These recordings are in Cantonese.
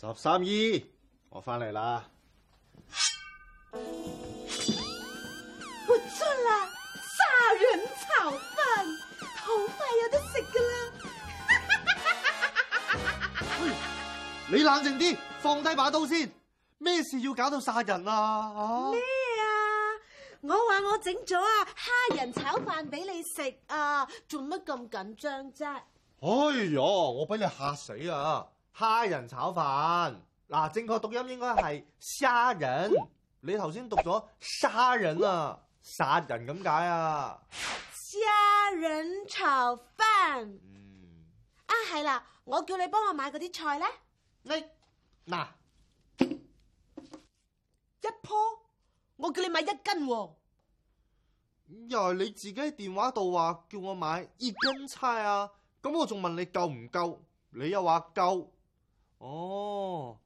十三姨，我翻嚟啦！活出啦，殺人炒飯，好快有得食噶啦！你冷靜啲，放低把刀先。咩事要搞到殺人啊？咩啊？我話我整咗啊蝦仁炒飯俾你食啊，做乜咁緊張啫？哎呀，我俾你嚇死啊！蝦仁炒飯嗱、啊，正確讀音應該係蝦仁。你頭先讀咗殺人啊，殺人咁解啊？蝦仁炒飯、嗯、啊，係啦，我叫你幫我買嗰啲菜咧。你嗱，啊、一棵我叫你買一斤喎、哦，又係你自己電話度話叫我買一根菜啊？咁我仲問你夠唔夠，你又話夠。哦，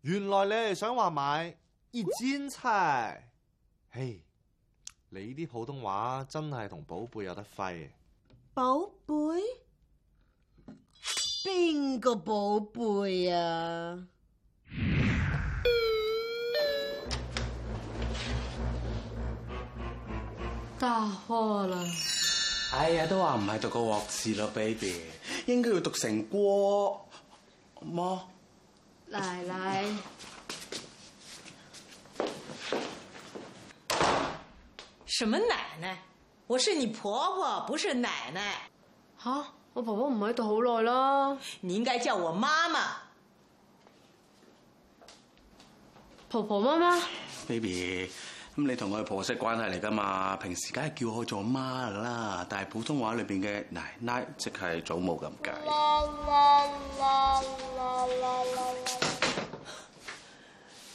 原來你係想話買一斤菜，嘿，你啲普通話真係同寶貝有得揮。寶貝，邊個寶貝啊？大鑊啦！哎呀，都話唔係讀個鑊字咯，baby，應該要讀成鍋。媽，奶奶，什麼奶奶？我是你婆婆，不是奶奶。吓、啊，我婆婆唔喺度好耐啦。你應該叫我媽媽，婆婆媽媽。Baby。咁你同我係婆媳關係嚟噶嘛？平時梗係叫我做媽啦，但係普通話裏邊嘅奶奶即係祖母咁解。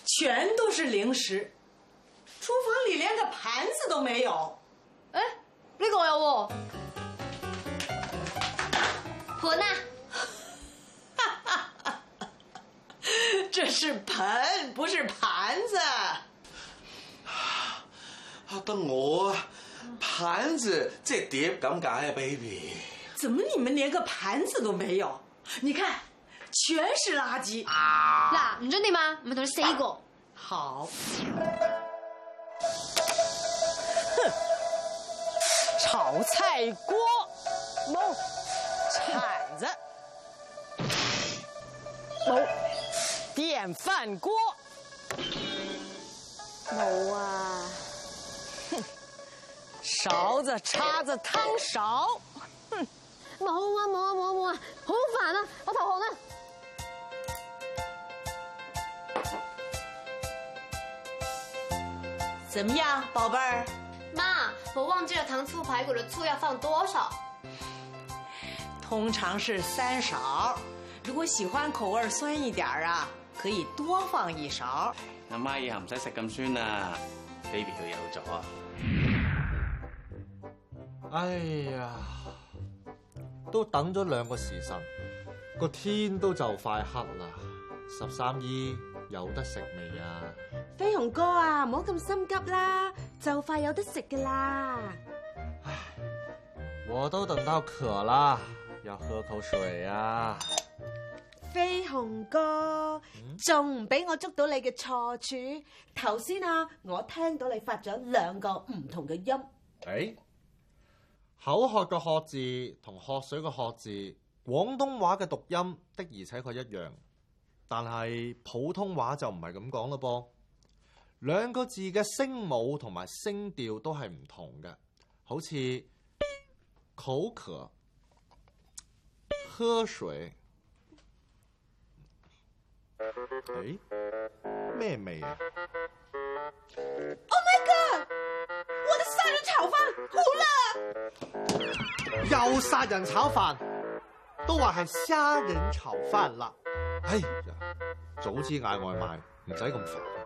全都是零食，廚房裡連個盤子都沒有。誒、欸，你我呀我盆啊？呢 這是盆，不是盤子。嚇得我，啊，盤子即碟，啊，咁解啊，baby！怎麼你們連個盤子都沒有？你看，全是垃圾。嗱、啊，真的嗎？我們都是 C 一個。啊，好。炒菜鍋，冇。貓鏟子，冇貓。電飯鍋，冇啊。勺子、叉子、湯勺。哼、啊，毛啊毛啊毛啊毛啊，好煩啊！我頭紅啊！怎麼樣，寶貝兒？媽，我忘記了糖醋排骨的醋要放多少？通常是三勺，如果喜歡口味酸一點啊，可以多放一勺。阿媽以後唔使食咁酸啦，baby 佢有咗啊。哎呀，都等咗兩個時辰，個天都就快黑啦。十三姨有得食未啊？飛鴻哥啊，唔好咁心急啦，就快有得食噶啦。唉，我都等到渴啦，要喝口水呀、啊。飛鴻哥，仲唔俾我捉到你嘅錯處？頭先啊，我聽到你發咗兩個唔同嘅音。誒？口渴嘅「渴字同喝水嘅「喝字，廣東話嘅讀音的而且確一樣，但係普通話就唔係咁講咯噃。兩個字嘅聲母聲調同埋聲調都係唔同嘅，好似口渴、喝水。誒、欸，咩味？「呀！Oh my god！我的殺人炒飯好啦！又殺人炒飯，都話係蝦仁炒飯啦。呀、哎，早知嗌外賣，唔使咁煩。